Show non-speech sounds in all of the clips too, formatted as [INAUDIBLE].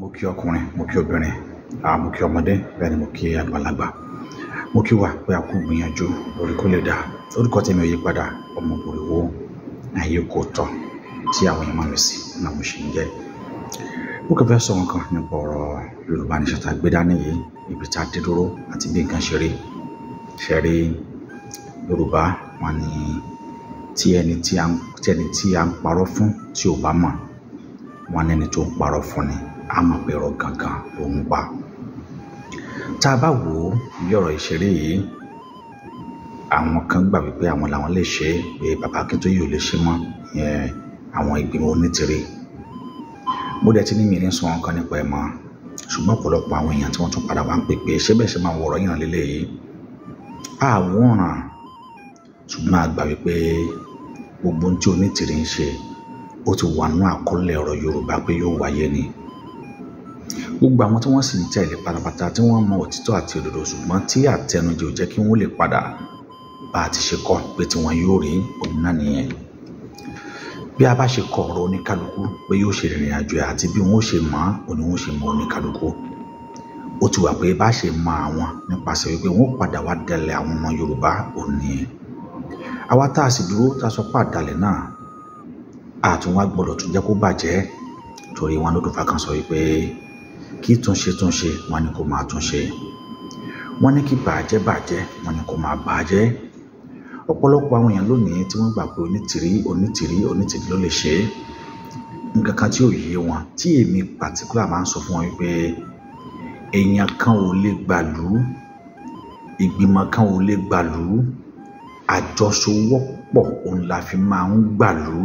mo kí ọkùnrin mo kí obìnrin mo kí ọmọdé bẹ́ẹ̀ ni mo àgbàlagbà mo kí wa pé a kú gbìyànjú lórí kó lè dà orúkọ tèmi ò yí padà ọmọ Òbòrìwó ayé kò tọ́ tí àwọn èèyàn máa lọ sí náà mo ṣe ń jẹ́ mo kàn fẹ́ sọ nǹkan nípa ọ̀rọ̀ Yorùbá ní ṣàtà gbé dání yìí ibi tá a dé dúró àti bí nǹkan ṣe rí ṣe rí Yorùbá wọn ni tí ẹni tí a ń parọ́ fún tí ò bá mọ̀ wọn ní ẹni tó ń parọ́ fún ni a mọ̀ pé ọ̀rọ̀ gangan ló ń pa tá a bá wò ó bí ọ̀rọ̀ ìṣeré yìí àwọn kan gbà wípé àwọn làwọn lè ṣe é pé bàbá Akíntóyè ò lè ṣe mọ́ ìyẹn àwọn ìgbìmọ̀ onítìrí mo dẹ̀ ti ní mi ní sọ wọn kan nípa ẹ̀ mọ́ ṣùgbọ́n ọ̀pọ̀lọpọ̀ àwọn èèyàn tí wọ́n tún padà wá ń pè pé ṣé bẹ́ẹ̀ ṣe máa wọ̀rọ̀ yàn lélẹ̀ yìí àwòrán ṣùgbọ́n a gbà wípé gbogbo ohun tí onítìrí ń ṣe ó ti wà nínú àkọọ́lẹ̀ ọ̀rọ̀ Yorùbá pé yóò wáyé ni gbogbo àwọn tí wọ́n sì ń tẹ̀lé pátápátá tí wọ́n mọ òtítọ́ àti òdodo ṣùgbọ́n tí àtẹnujẹ ò jẹ́ kí wọ́n lè padà bá a ti ṣe kọ́ pé tí wọ́n yóò rí òun náà nìyẹn bí a bá ṣe kọ ọ̀rọ̀ oníkálukú pé yóò ṣe ìrìn àjò àti bí wọ́n ṣe mọ̀ ọ́ ni wọ́n ṣe mọ̀ oníkálukú ó ti wà pé bá ṣe mọ̀ àwọn nípasẹ̀ wípé wọ́n padà wá dalẹ̀ àwọn ọmọ Yorùbá òní yẹn àwa tá a sì dúró tá a sọ pé àdalẹ̀ náà àtúnwá gbọ́dọ̀ tún jẹ́ kó bàjẹ́ torí wọn ló dùn fà sọ wípé kí túnṣe túnṣe wọ́n ní kó máa túnṣe wọ́n ní kí bàjẹ́ bàjẹ́ wọ́n ni kó máa bàjẹ́ ọ̀pọ̀lọpọ̀ àwọn èèyàn lónìí tí wọ́n gbà pé onítìrí onítìrí onítìrí ló lè ṣe é nǹkan kan tí ò yé wọn tí èmi particular máa ń sọ fún wọn wípé èèyàn kan ò lè gbàlú ìgbìmọ̀ kan ò lè gbàlú àjọṣowọ́pọ̀ òun la fi máa ń gbàlú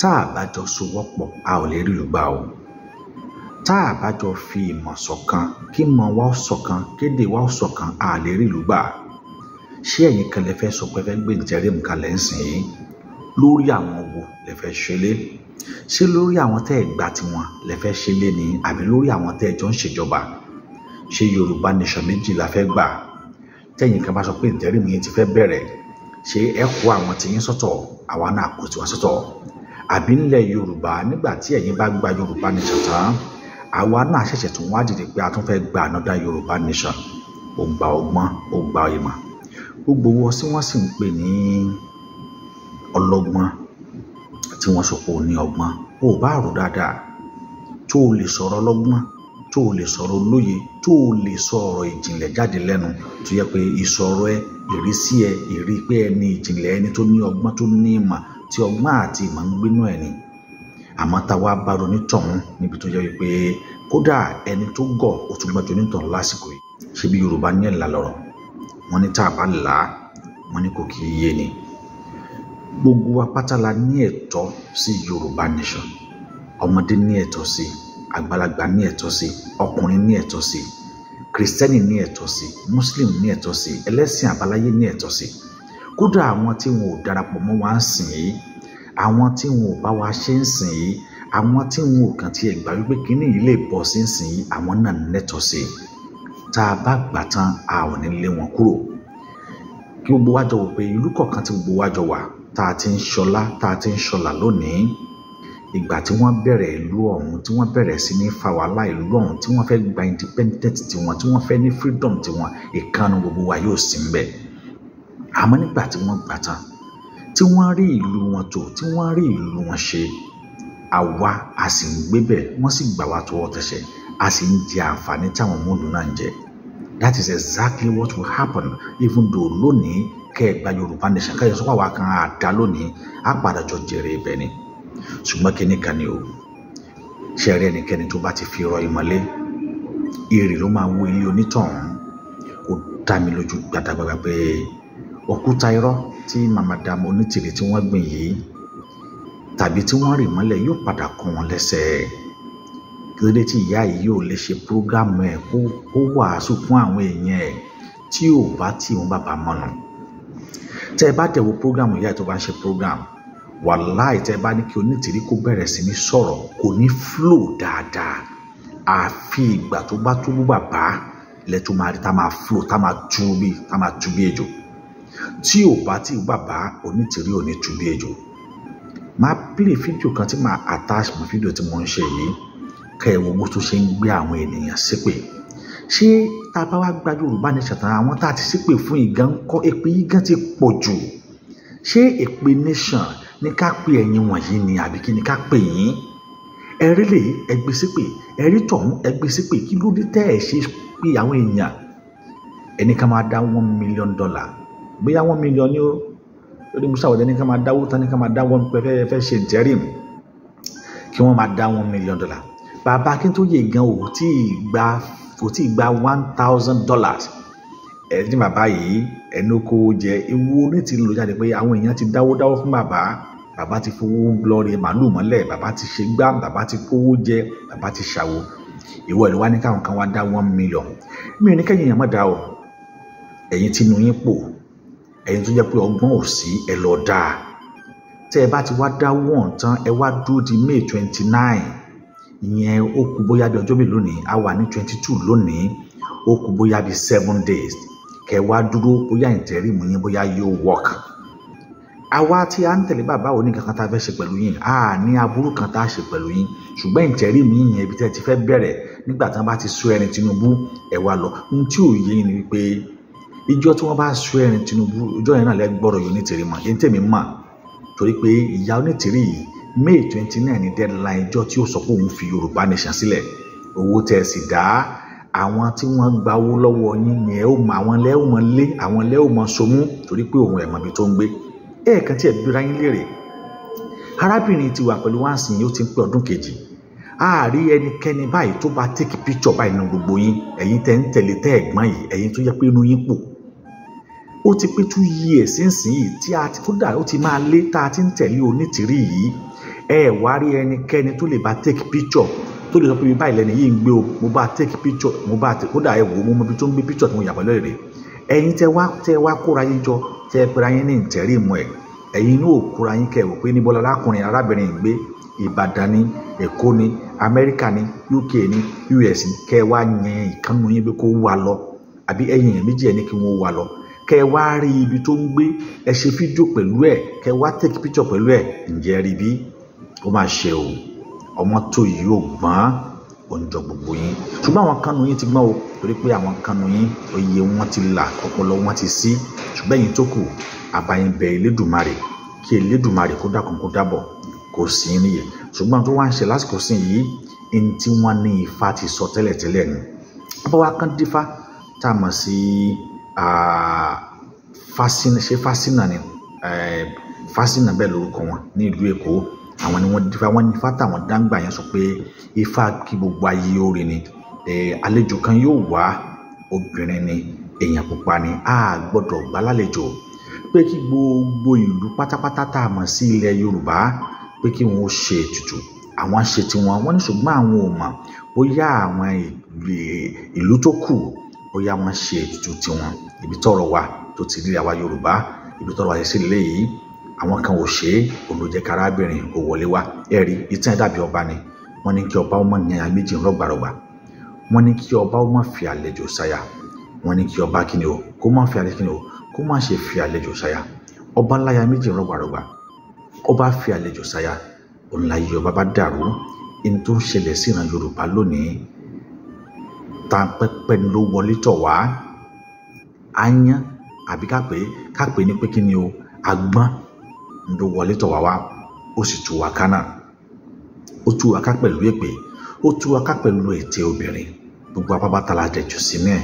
tá a bá jọ sowọ́pọ̀ a ò lè rí ìlú gbà o tá a bá jọ fi ìmọ̀ ṣọ̀kan kí mọ̀ wá ṣọ̀kan kéde wá ṣọ̀kan a lè rí ìlú gbà ṣé ẹ̀yin kan lè fẹ́ sọ pé fẹ́ gbé ìjẹ́rìmù kalẹ̀ ń sìn yín lórí àwọn wo lè fẹ́ ṣe ṣé lórí àwọn tẹ́ ẹ̀ gbà tiwọn lè fẹ́ ṣe ni àbí lórí àwọn tẹ́ ẹ̀ jọ ń ṣèjọba ṣé Yorùbá nation méjì la fẹ́ gbà tẹ́yìn kan bá sọ pé ìjẹ́rìmù yẹn ti fẹ́ bẹ̀rẹ̀ ṣé ẹ kó àwọn tiyín sọ́tọ̀ àwa náà kó tiwọn sọ́tọ̀ àbí nílẹ̀ Yorùbá nígbà tí ẹ̀yin bá gba Yorùbá nation tán àwa náà ṣẹ̀ṣẹ̀ tún wá dìde pé a tún fẹ́ gba another Yorùbá nation ó gba ọgbọ́n ó gba ìmọ̀ gbogbo wọn sí wọ́n sì ń pè ní ọlọ́gbọ́n tí wọ́n sọ pé ó ní ọgbọ́n ó bá rò dáadáa tó o lè sọ̀rọ̀ ọlọ́gbọ́n tó o lè sọ̀rọ̀ olóye tó o lè sọ ọ̀rọ̀ ìjìnlẹ̀ jáde lẹ́nu tó yẹ pé ìsọ̀rọ̀ ẹ ìrísí ẹ ìrí pé ẹni ìjìnlẹ̀ ẹni tó ní ọgbọ́n tó ní ìmọ̀ tí ọgbọ́n àti ìmọ̀ ń gbénú ẹ̀ ni àmọ́ tá a wá bá ronú tọ̀hún níbi tó jẹ́ wípé kódà ẹni tó gọ̀ ó tún gbọ́n tó onítọ̀hún lásìkò yìí ṣé bí yorùbá ní ẹ̀là lọ́rọ̀ wọ́n ní tá a bá là á wọ́n ní kò kí í yé ni gbogbo wa pátá la ní ẹ̀tọ́ sí yorùbá nation ọmọdé ní ẹ̀tọ́ sí àgbàlagbà ní ẹ̀tọ́ sí ọkùnrin ní ẹ̀tọ́ sí kristẹni ní ẹ̀tọ́ sí muslim ní ẹ̀tọ́ sí ẹlẹ́sìn àbáláyé ní ẹ̀tọ́ sí kódà àwọn tí wọn ò darapọ̀ mọ́ wa ń sìn yìí àwọn tí wọn ò bá wa ṣe ń sìn yìí àwọn tí wọn ò kàn tiẹ̀ gbà wípé kínní yìí lè bọ́ sí ń sìn yìí àwọn náà lẹ́tọ̀ọ́ sí i tá a bá gbà tán a ò ní lé wọn kúrò kí gbogbo wa jọ wò pé ìlú kọ̀ọ̀kan tí gbogbo wa jọ wà tá a ti ń ṣọlá tá a ti ń ṣọlà lónìí ìgbà tí wọ́n bẹ̀rẹ̀ ìlú ọ̀hún tí wọ́n bẹ̀rẹ̀ sí ní fa wàhálà ìlú ọ̀hún tí wọ́n fẹ́ gba independent tiwọn tí wọ́n fẹ́ ní freedom tiwọn ìkànnì gbogbo wa yóò sí ń bẹ̀ nígbà tí wọ́n gbà tán tí wọ́n rí ìlú wọn tò tí wọ́n rí ìlú wọn ṣe àwa a sì ń gbé bẹ̀ wọ́n sì gbà wá tọwọ́ tẹsẹ̀ a sì ń jẹ àǹfààní táwọn mọ́ọ̀lù náà ń jẹ that is exactly what will happen even though lónìí kẹ́ ẹ̀ gba yorùbá nation kẹ́ ẹ̀ sọ́kọ́ àwa kan àdá lónìí á padà jọ jèrè ibẹ̀ ni ṣùgbọ́n kíní kan ni o ṣe rí ẹnikẹ́ni tó bá ti fi rọ ìmọ̀lé èrè ló máa wó ilé onítọ̀hún ó dá mi lójú gbàdágbàgbà pé òkúta irọ́ tí mamadam onítìrì tí wọ́n gbìn yìí tàbí tí wọ́n rì mọ́lẹ̀ yóò padà kàn wọ́n lẹ́sẹ̀ kílódé tí ìyá yìí yóò lè ṣe púrógámù ẹ̀ kó wàásù fún àwọn èèyàn ẹ̀ tí ò bá tí òun bàbá mọ̀nà tẹ́ ẹ bá tẹ̀ wo púrógámù ìyá ẹ̀ tó bá ń ṣe púrógámù wàláì tẹ́ ẹ bá ní kí onítìrí kó bẹ̀rẹ̀ sí ní sọ̀rọ̀ kò ní fúlò dáadáa àfi ìgbà tó bá tó bú bàbá lẹ́tọ́ máa rí tá máa fúlò tá máa tú tá máa tú bí tí ò bá ti bàbá onítìrí ò ní tubí máa play fídíò kan tí máa attach mọ́ fídíò tí mo ń ṣe yìí kẹ́ ẹ wo bó tún ṣe ń gbé àwọn ènìyàn sípè ṣé tá a bá wá gba Yorùbá ní ṣàtàn àwọn tá a ti sípè fún ìgàn kọ́ èpè yìí ti pọ̀ jù ṣé èpè nation ní ká pè ẹ̀yin wọ̀nyí ni àbí kí ni ká pè yín ẹ̀rí lè ẹgbẹ́ sípè ẹ̀rí tọ̀hún ẹgbẹ́ sípè kí ló dé tẹ́ ẹ̀ ṣe pé àwọn èèyàn ẹnì kan máa dá one million dollar bóyá one million ni ó lórí musa ọ̀dẹ́ ní ká máa dáwó tán ní ká máa dá one pẹ́ fẹ́ ṣe interim kí wọ́n máa dá one million dollar bàbá akíntóye gan ò tí ì gba kò tí ì gba one thousand dollars ẹni bàbá yìí ẹni oko jẹ ewu orí ti lò jáde pé àwọn èèyàn ti dáwó dáwó fún bàbá bàbá ti fowó lọ́ọ̀rì màálù mọ́lẹ̀ bàbá ti ṣe gbá bàbá ti kówó jẹ bàbá ti ṣàwo ìwọ ìlú wa ní káwọn kan wá dá one million mi ò ní kẹ́yìn èèyàn má dá o ẹ̀yin tinú yín pọ̀ ẹ̀yin tó jẹ́ pé ọgbọ́n ò sí ẹ lọ dáa tẹ́ ẹ bá ti wá dá wọ̀n tán ẹ wá dúró di May twenty nine ìyẹn ó kù bóyá bí ọjọ́ mi lónìí a wà ní twenty two lónìí ó kù bóyá bí seven days kẹ wá dúró bóyá ìtẹ̀rìmù yín bóyá yóò work àwa tí a ń tẹ̀lé bàbá òní kankan tá a fẹ́ ṣe pẹ̀lú yín a ní aburú kan tá a ṣe pẹ̀lú yín ṣùgbọ́n ìtẹ̀rìmù yín yẹn ibi tẹ́ ti fẹ́ bẹ̀rẹ̀ nígbà tí wọ́n bá ti sọ ẹni Tinubu ẹ̀ wá lọ ohun tí ò yé ni wípé ìjọ tí wọ́n bá sọ ẹ̀rìn Tinubu ìjọ yẹn náà lẹ́gbọ́rọ̀ yóò nítìrí mọ́ yẹn tèmi mà torí pé ìyá onítìrí yìí May twenty nine ni deadline ìjọ tí ó sọ pé òun fi Yorùbá nation sílẹ̀ owó tẹ̀ sì dá àwọn tí wọ́n gba owó lọ́wọ́ yín ni ẹ ó mọ àwọn lẹ́ ó mọ lé àwọn lẹ́ ó mọ somú torí pé òun ẹ̀ mọ̀ ibi tó ń gbé ẹ̀ẹ̀kan tí ẹ̀ gbéra yín léèrè arábìnrin ti wà pẹ̀lú wáǹsìn yìí ó ti ń pé ọdún kejì àárí ẹnikẹ́ni báyìí tó bá tèkì píkṣọ̀ báyìí nínú gbogbo yín ẹ̀yin tẹ́ ń tẹ̀lé tẹ́ ẹ̀gbọ́n yìí ẹ̀yin tó yẹ pé inú yín pọ̀ ó ti pé two years sínsìnyí tí a ti kódà ó ti máa lé tá a ti ń tẹ̀lé onítìrí yìí ẹ wá rí ẹnikẹ́ni tó lè bá take picture tó lè sọ pé báyìí lẹ́nu yìí ń gbé o mo bá take picture mo bá tẹ kódà ẹ wò ó mo mọ tó ń gbé picture tó ń yà pẹ̀lú rẹ̀ ẹ̀yin tẹ wá tẹ wá kóra yín jọ tẹ pera yín ní ìtẹ̀rí mu ẹ̀ ẹ̀yin ní òkúra yín kẹ wò pé níbo arákùnrin arábìnrin gbé Ìbàdàn ni Èkó ni Amẹ́ríkà ni UK ni US ni kẹ wá yẹn ìkànnì yín pé kó wà lọ àbí ẹ̀yin méjì ẹ̀ ní kí wọ́n wà lọ kẹ wá rí ibi tó ń gbé ẹ ṣe fídíò pẹ̀lú ẹ̀ kẹ wá take picture pẹ̀lú ẹ̀ ǹjẹ́ rí bí ó máa ṣe o ọmọ tó yìí ò gbọ́n oúnjẹ gbogbo yín ṣùgbọ́n àwọn kanu yín ti gbọ́n o torí pé àwọn kanu yín oyè wọn ti là ọpọlọ wọn ti sí ṣùgbọ́n ẹ̀yin tó kù àbáyín bẹ Elédùmarè kí Elédùmarè kó dákun kó dábọ̀ kó sí í nìyẹn ṣùgbọ́n tó wá ń ṣe lásìkò sí yìí ẹni tí wọ́n ní Ifá ti sọ tẹ́lẹ̀tẹ́lẹ̀ ni bàbá wa kan dífá tá a mọ̀ sí. Si fásínà ṣé fásínà ni eh, fásínà bẹ́ẹ̀ lórúkọ wọn ní ìlú èkó àwọn ni wọ́n dífá wọ́n nífá táwọn dáńgbà yẹn sọ pé ifá kí gbogbo ayé ó ni eh, àlejò kan yóò wá obìnrin ni èèyàn pupa ni a gbọ́dọ̀ gbà lálejò pé kí gbogbo ìlú pátápátá tá a mọ̀ sí ilẹ̀ yorùbá pé kí wọ́n ó ṣe ètùtù àwọn ṣe tiwọn wọ́n ní ṣùgbọ́n àwọn ò mọ̀ bóyá àwọn ìlú tó kù ó yá má ṣe ètùtù tiwọn ibi tọ́rọ̀ wa tó ti rí àwa Yorùbá ibi tọ́rọ̀ wa ti sí léyìí àwọn kan ò ṣe é òun ló jẹ́ kí arábìnrin ò wọlé wá ẹ rí ìtàn ẹ̀ dàbí ọba ni wọ́n ní kí ọba ó mọ̀ méjì rọ̀gbàrọ̀gbà wọ́n ní kí ọba ó fi àlejò sáyà wọ́n ní kí ọba kíni o kó má fi àlejò kíni o kó má ṣe fi àlejò sáyà ọba láya méjì rọ̀gbàrọ̀gbà ọba fi àlejò sáyà òun láyé ọba bá dàrú ẹni tó ń ṣẹlẹ̀ sí ìran Yorùbá lónìí tàǹpẹ́pẹ́ ló wọlé tọ̀ wá aáyán àbí ká pè é ká pè é ní pé kí ni o agbọ́n ló wọlé tọ̀ wá wá ó sì tú wa ká náà ó tú wa ká pẹ̀lú èpè ó tú wa ká pẹ̀lú ète obìnrin gbogbo apábátá la jẹ̀jù sí náà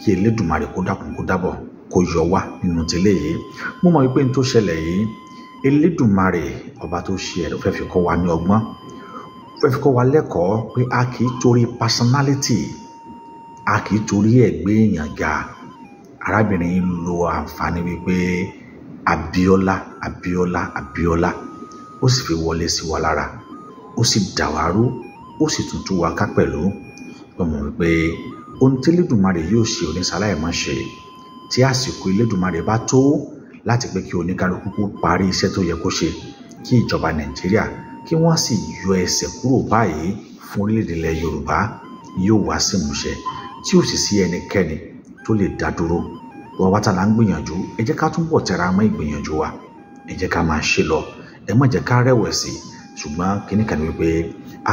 kí Elédùmarè kó dákun kó dábọ̀ kó yọ wá nínú tẹ́lẹ̀ yìí mo mọ̀ wípé n tó ṣẹlẹ̀ yìí Elédùmarè ọba tó ṣe ẹ̀rọ fẹ́ fi kọ́ wa ní ọgbọ́n fẹ́ fi kọ́ wa lẹ́kọ̀ọ́ pé a kì í torí personality a kì í torí ẹ̀ gbé èèyàn ga arábìnrin yìí lo àǹfààní wípé Abíọ́lá Abíọ́lá Abíọ́lá ó sì fi wọlé sí wa lára ó sì dà wá rú ó sì tuntun wa ká pẹ̀lú ó mọ̀ wípé ohun tí Elédùmarè yóò ṣe oníṣàlàyé má ṣe tí àsìkò Elédùmarè bá tó láti pé kí oníkálukú kó parí iṣẹ́ tó yẹ kó ṣe kí ìjọba Nàìjíríà kí wọ́n sì yọ ẹsẹ̀ kúrò báyìí fún orílẹ̀-èdè ilẹ̀ Yorùbá yóò wá sí ìmúṣẹ tí ó sì sí ẹnikẹ́ni tó lè dá dúró wọn wá tàlà ń gbìyànjú ẹ jẹ́ ká túbọ̀ tẹra mọ́ ìgbìyànjú wa ẹ jẹ́ ká máa ṣe lọ ẹ má jẹ́ ká rẹ̀wẹ̀sì ṣùgbọ́n kíní kan wípé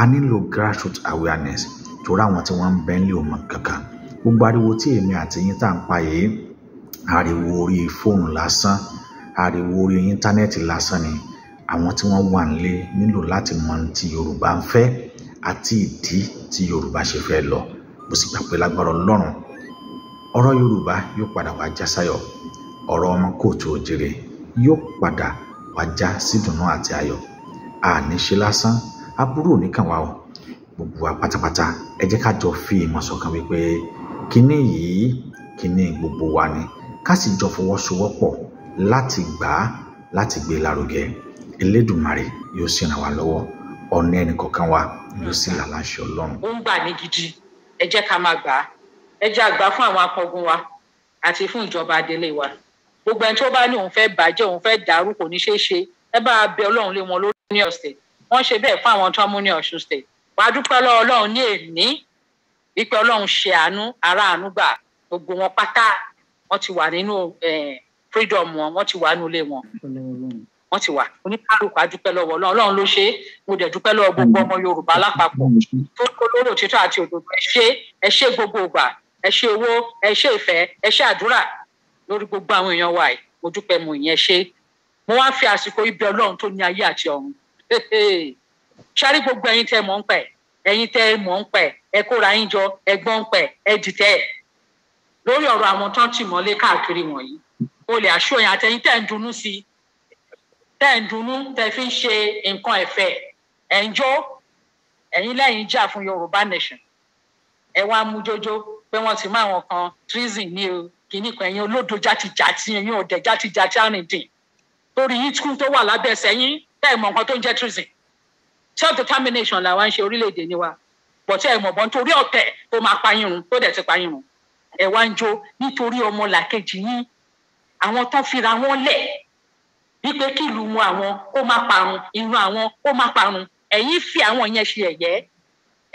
a nílò grassroots awareness torí àwọn tí wọ́n ń bẹ́ nílé òmò kankan gbogbo ariwo tí èmi àti yín tá à ń pa yìí ariwo orí fóònù lásán ariwo orí íńtánẹ́ẹ̀tì lásán ni àwọn tí wọ́n wà nílé nílò láti mọ ti Yorùbá ń fẹ́ àti ìdí tí Yorùbá ṣe fẹ́ lọ mo sì gbà pé lágbára ọlọ́run ọ̀rọ̀ yorùbá yóò padà wá já sáyọ̀ ọ̀rọ̀ ọmọ kóòtù òjèrè yóò padà wá já sídùnnú àti ayọ̀ àníṣe lásán aburú ò ní kàn wá o gbogbo wa pátápátá ẹ jẹ́ ká jọ fi ìmọ̀ ṣọ̀kan wípé kínní yìí kínní gbogbo wa ni ká sì jọ fọwọ́sowọ́pọ̀ láti gbà á láti gbé e lárugẹ elédùnmarè yóò sì ràn wá lọ́wọ́ ọ̀nà ẹnì kọ̀ọ̀kan wa yóò sì là láṣẹ ọlọ́run. ó ń gbà ní gidi ẹ jẹ́ ká máa gbà á ẹ jẹ́ àgbà fún àwọn akọgun wa àti fún ìjọba adélé wa gbogbo ẹni tó bá ní òun fẹ́ bàjẹ́ òun fẹ́ dàrú kò ní ṣeé ṣe ẹ bá bẹ ọlọ́run lé wọn lórí ní ọ̀sẹ̀ wọ́n ṣe bẹ́ẹ̀ fún àwọn tó mú ní ọ̀ṣun ṣe wàá dúpẹ́ lọ́wọ́ ọlọ́run ní èní wípé ọlọ́run ṣe àánú ará gbà gbogbo wọn pátá wọ́n ti wà nínú eh, freedom wọn wọ́n ti wà nílé wọn wọ́n ti wà oníkálukú adúpẹ́ lọ́wọ́ ọlọ́run ọlọ́run ló ṣe é mo dẹ̀ dúpẹ́ lọ́wọ́ gbogbo ọmọ yorùbá lápapọ̀ tó kó lóró òtítọ́ àti òdodo ẹ ṣé ẹ ṣé gbogbo ìgbà ẹ ṣé owó ẹ ṣé ìfẹ́ ẹ ṣé àdúrà lórí gbogbo àwọn èèyàn wa yìí mo dúpẹ́ mo ìyẹn ṣe mo wá fi àsìkò ibi ọlọ́run tó ní ayé àti ọ̀run [LAUGHS] ṣárí gbogbo ẹ̀yin tẹ́ mọ̀ ń pẹ̀ ẹ̀yin tẹ́ mọ̀ ń pẹ̀ ẹ kóra yín jọ ẹ gbọ́n pẹ̀ ẹ dìtẹ̀ lórí ọ̀rọ̀ àwọn tó ń tì mọ́lé káàkiri wọ̀nyí olè àṣọ yẹn àtẹ̀yin tẹ́ ń dunnú sí i tẹ́ ń dunnú tẹ́ fi ń ṣe nǹkan ẹ̀fẹ̀ ẹ̀ ń jó ẹ̀yin lẹ́yìn jà fún yorùbá nation ẹ wá mú jójó pé wọ́n ti mú àwọn kan treason ní o kìíní kan ẹ̀yin olódo játijàti ẹ̀yin ọ̀dẹ̀ játijàti àrìndìn torí itkun tó wà lábẹ́ ẹsẹ̀ yín tẹ́ ẹ̀ mọ̀ nǹkan tó ń jẹ́ treason self determination làwọn ń ṣe orílẹ̀-èdè ni wa pọ̀tẹ́ ẹ̀ mọ̀ bọ́n torí ọ̀tẹ̀ tó máa pa yín run tó dẹ̀ ti pa yín ẹ̀ wá ń jó nítorí ọmọ làkejì yín àwọn tó fira wọn lẹ̀ wípé kí ìlú mu àwọn kó má parun irun àwọn kó má parun ẹ̀yin fi àwọn yẹn ṣe ẹ̀yẹ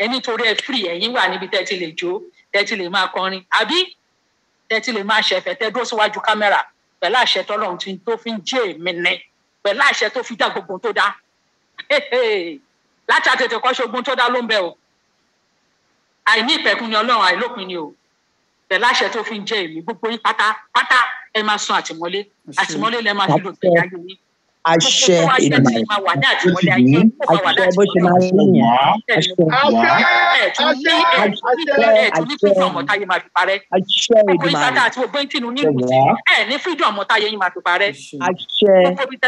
ẹni torí ẹ fìrì ẹ̀yin wà níbi tẹ́ ti lè jó tẹ́ ti lè máa kọrin àbí tẹ́ ti lè máa ṣẹ̀fẹ̀ tẹ́ dúró síwájú kámẹ́rà pẹ̀lú àṣẹ tọ́lọ́run tí tó fi ń jẹ́ èmi ni pẹ̀lú àṣẹ tó fi dá gbogbo tó dá [LAUGHS] láti àtètè kọ́ ṣogun tó dá ló ń bẹ o àìní ìpẹ̀kun ni ọlọ́run àìlópin ni o pẹ̀lú àṣẹ tó fi ń jẹ́ èmi gbogbo yín pátá pátá ẹ máa sùn àtìmọ́lé àtìmọ́lé lẹ máa fi lò pé ayé yín àṣẹ ìgbà yìí àṣẹ bó ṣe máa ń lẹ́yìn àṣẹ wá àṣẹ àṣẹ àṣẹ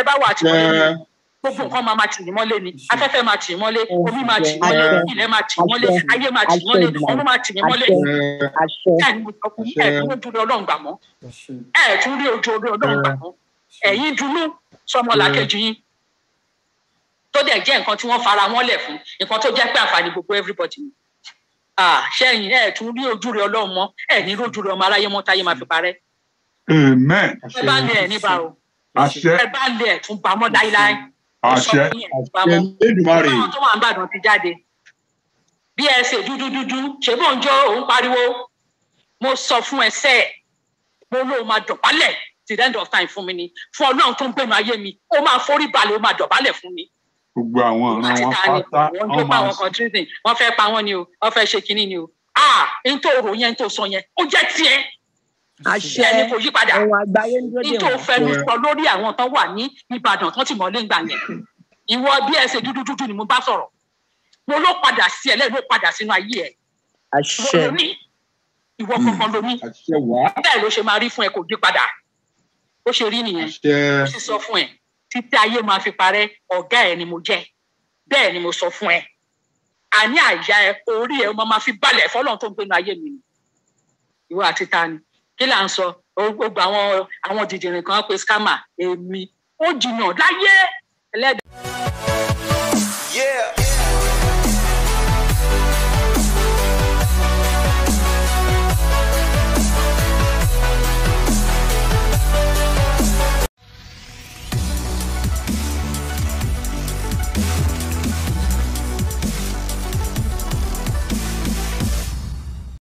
ìgbà yìí wá àṣẹ gbogbo nǹkan máa ma tì yín mọ́lé ni afẹ́fẹ́ máa tì yín mọ́lé omi máa tì yín mọ́lé ilẹ̀ máa tì yín mọ́lé ayé máa tì yín mọ́lé ọ̀run máa tì yín mọ́lé ẹ̀ mo sọ fún ẹ̀ tún ojú ọlọ́run mọ́ ẹ̀ tún rí ojú ọlọ́run gbà mọ́ ẹ̀yin dunú sọmọlàkejì yín tó dẹ̀ jẹ́ nǹkan tí wọ́n fara wọn lẹ̀ fún nǹkan tó jẹ́ pé àǹfààní gbogbo everybody ni ṣẹ́yìn ẹ̀ tún rí ojú rẹ ẹ bá lé ẹ níbà bá lé ẹ tún àṣẹ àṣẹ lẹ́dùnmáre. ọlọ́run tó wà ń bàdàn ti jáde bí ẹ ṣe dúdú dúdú ṣé bó ń jó òun pariwo mo sọ fún ẹsẹ mo lóun máa dọ̀bálẹ̀ till the end of time fún mi ni fún ọlọ́run tó ń gbẹ̀mí ayé mi ó máa forí balẹ̀ ó máa dọ̀bálẹ̀ fún mi. gbogbo àwọn ọ̀ràn wọn pátá wọn máa ń pa wọn kan treason wọn fẹ́ pa wọn ni o wọn fẹ́ ṣe kinní ni o ah n tó rò yẹn n tó sọ yẹn ó jẹ́ tiẹ̀ àṣẹ ọ̀rọ̀ àgbáyé ń dúró dé wọn. nítorí fẹnu sọ lórí àwọn tán wà ní Ìbàdàn tán ti mọ̀lé ńgbà yẹn ìwọ bí ẹsẹ dúdú dúdú ni mo bá sọ̀rọ̀ mo ló padà sí ẹ lẹ́yìn ló padà sínú ayé ẹ. àṣẹ ìwọ hmm. kankan ló ní bẹ́ẹ̀ ló ṣe máa rí fún ẹ kò dé padà ó ṣe rí nìyẹn ó sì sọ fún ẹ títí ayé máa fi parẹ́ ọ̀gá ẹ ni mo jẹ́ bẹ́ẹ̀ ni mo sọ fún ẹ àní àyà ẹ orí ẹ máa fi balẹ̀ fọlọ́n tó ń gbénu ayé mi ìwọ àti ta ni kí là ń sọ gbogbo àwọn àwọn dìdìrín kan pé scammer èmi ó jìnnà láyé ẹlẹ́dàá. yeah.